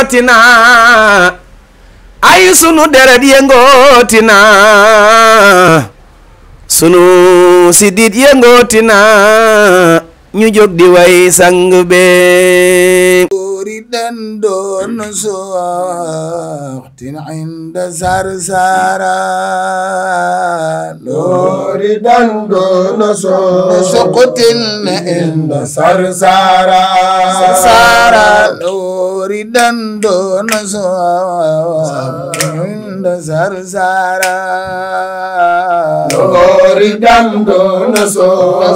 yëngooti na ay sunu deret yëngooti na sunu sidit yëngooti na ñu jóg di way sang be. وقت عند سرسارا نور دندون سقط عند سرسارا سرسارا نور دندون عند سرسارا نور دندون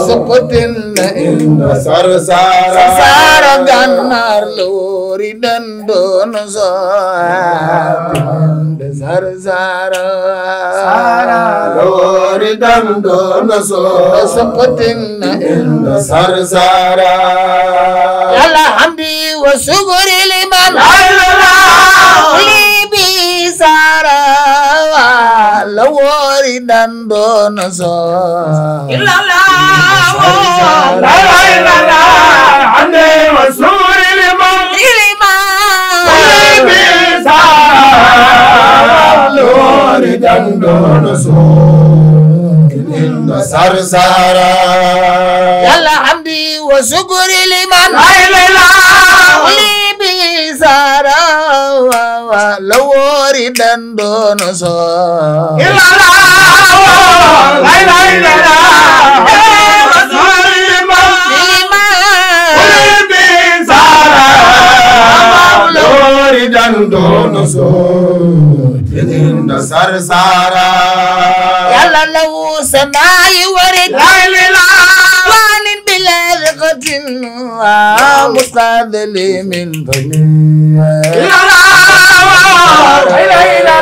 سقط عند سرسارا سرسارا غنار لو dan bono so de zar zara sara lori dan bono so sampatin na inda sar zara yalla hamdi wa suguri liman libi sara lori dan bono so loori jandono soo inno sarsara yalla hamdi wa suguri liman layla li bi sara loori jandono soo illa la layla layla doona soor yëgin da sar saara yalla law samaayi warit laylila waanin bilaa riqatin waa mustaadili min fami yalla laylila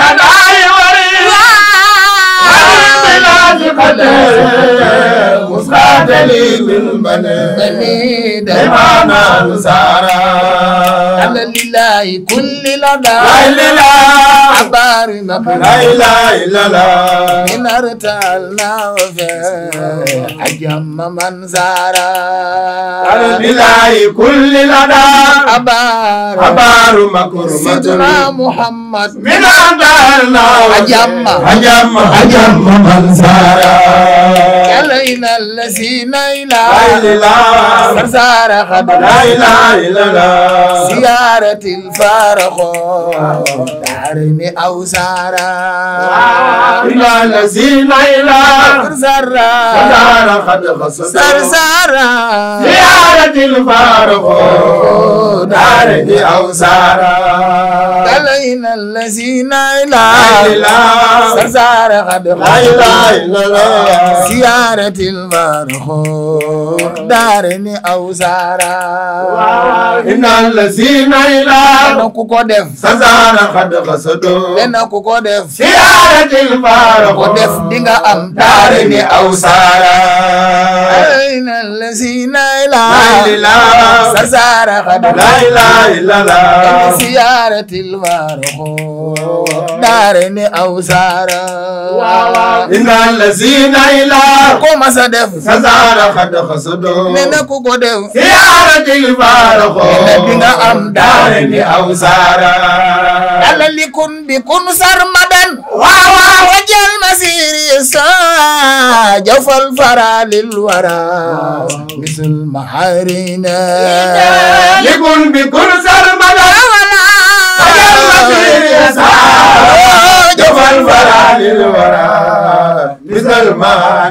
samaayi warit waanin bilaa riqatin mustaadili min bani bani demaana saara على الإله كل لدى لا إله عبار نقل لا إله إلا الله من ارتعلنا وفي أجم من زارا على الإله كل لدى عبار عبار مكرمة سيدنا محمد من ارتعلنا أجم أجم أجم من زارا كلينا الذين إلى لا إله زار خبر لا إله إلا الله دارت الفارق دارني أو سارا إلا الذي لا إله سرا سرا قد خصص سرا زيارة الفارق دارني أو سارا علينا الذي لا إله سرا قد خصص زيارة الفارق دارني أو سارا إن الذي nay laal kenn ku ko def sasaana xad xasado kenn ku ko def siyaaratil faaro ko def di nga am daare ni aw saara ay na la si إله سرسار غدا لا إله إلا الله سيارة المارخون دارني أو سارة إن الذين إلى كما سدف سرسار غدا خسدو ننكو قدو سيارة المارخون نبينا أم دارني أو سارة ألا لكن بكن سرمدا وجل مسيري سا جوف الفرا للورا مثل محارم بنا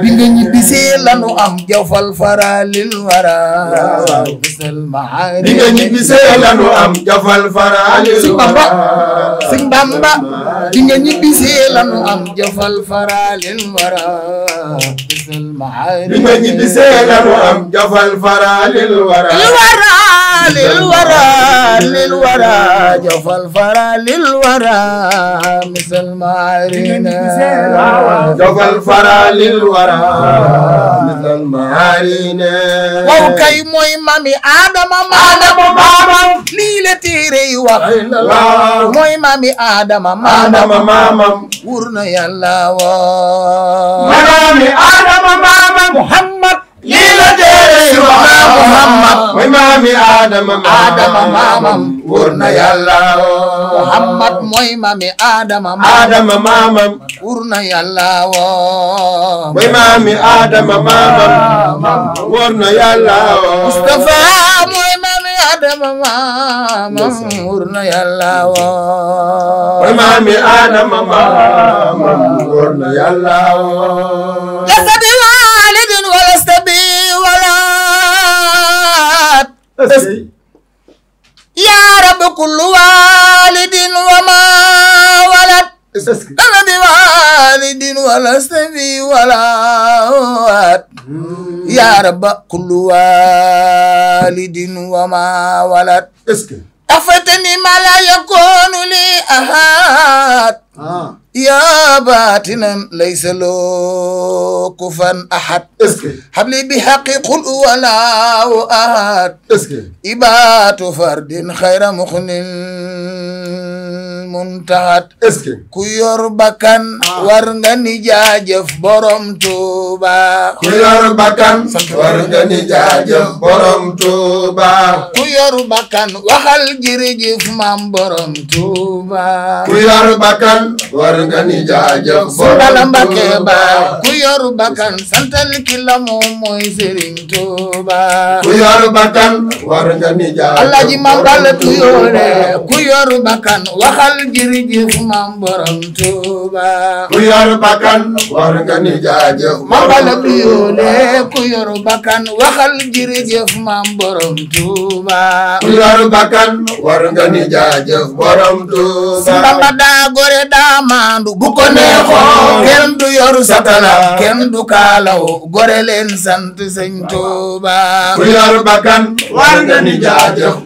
bi nga ñibbisee lanu am jofal fara lil wara bi nga ñibbisee lanu am jofal fara lil wara ki nga ñibbisee lanu am jëfal faraalin wara bisal maari ki nga ñibbisee lanu am jëfal faraalin wara للورى للورى جوف الفرى للورى مثل ما جوف الفرى للورى مثل ما وكي موي مامي آدم آدم مامم ليلة تيري وقت موي مامي آدم آدم مامم ورنا يلا مامي آدم مامم محمد mooy maami Adama maamam wóor na yàlla woo. mooy maami Adama maamam wóor na yàlla mooy maami Adama maamam wóor na yàlla yaa rab kullu walidin wa ma walad ana bi walidin wala sabi wala waat hmm. yaa rab kullu walidin wa ma walad afatani ma la yakunu li ahad ah. yaa baatinan laysa loo kufan ahad. est-ce que. habli bi xaqi qul walaaw ahad. est-ce que. ibaatu fardin xayra muxnin muntaxat est-ce que ku yor bakkan ah. war nga ni jaajëf borom tuuba ku yor bakkan war nga ni jaajëf borom tuuba ku yor bakkan waxal jërëjëf maam borom tuuba ku yor bakkan war nga ni jaajëf borom tuuba ku yor bakkan santal ki la moom mooy Serigne Touba ku yor bakkan war nga ni jaajëf Alaaji Maam Balla ku yor bakkan waxal jërëjëf maam ma bala bi yoole ku yor Bamba daa gore daa maandu bu ko neexoo kenn du yor satala kenn du kaalaw gore leen sant sëñ Tuuba ku yor bakkan war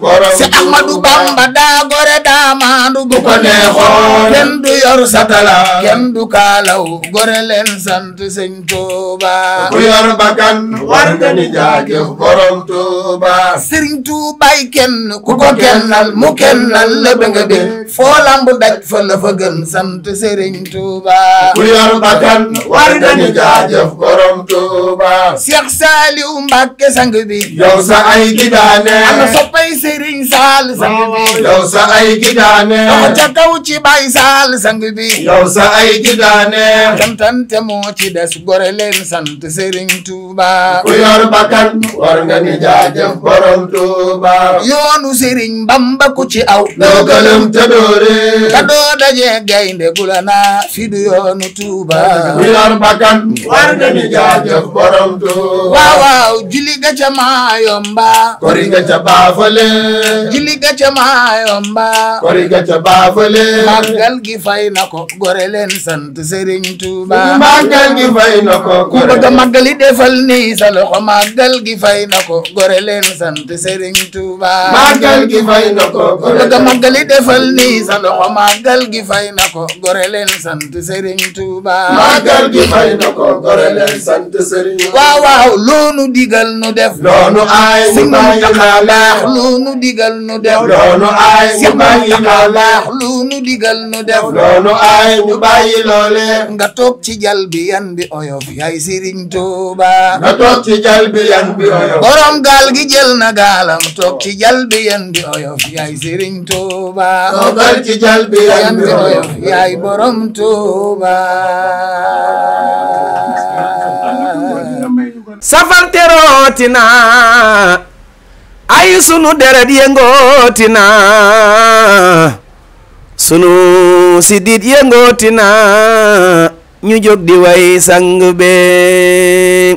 borom si Ahmadu Bamba daa gore daa maandu neexoon kenn du yor satala kenn du kaalaw gore sant sëñ Tuuba ku yor bakkan war nga di jaajëf borom Tuuba sëriñ kenn ku ko kennal mu kennal la ba nga daj fa la sant sëriñ Tuuba ku yor bakkan war nga di jaajëf Tuuba Seex Saaliw Mbàkke sang bi sa ay gidaane ana soppay sëriñ Saal sang bi sa ay gidaane kaw ci bay saal sang bi yow sa ay gidaane santante moo ci des gore leen sant Sëriñ Tuuba ku yor bakkan war nga borom Tuuba yoonu Sëriñ Bamba ku ci aw doo gëlëm te doore ka doo daje gaynde gula naa fi du yoonu Tuuba ku yor bakkan war nga borom Tuuba waaw jili ga ca maa yomba kori ga jàppale. màggal gi fay ko gore leen sant Serigne Touba. gi fay na ko gore leen ku bëgg màggali defal nii sa loxo màggal gi fay na ko gore leen sant Serigne Touba. màggal gi fay na ko gore leen ku bëgg màggali defal nii gi fay na ko gore leen sant Serigne Touba. màggal nu def. loonu nu def. loonu ay mu bàyyi la lu nu digal nu def nga toog ci jal bi yan oyof yaay Sëriñ Tuuba nga toog ci jal ay sunu deret yëngooti na sunu sidit yëngooti na ñu jóg di way sang be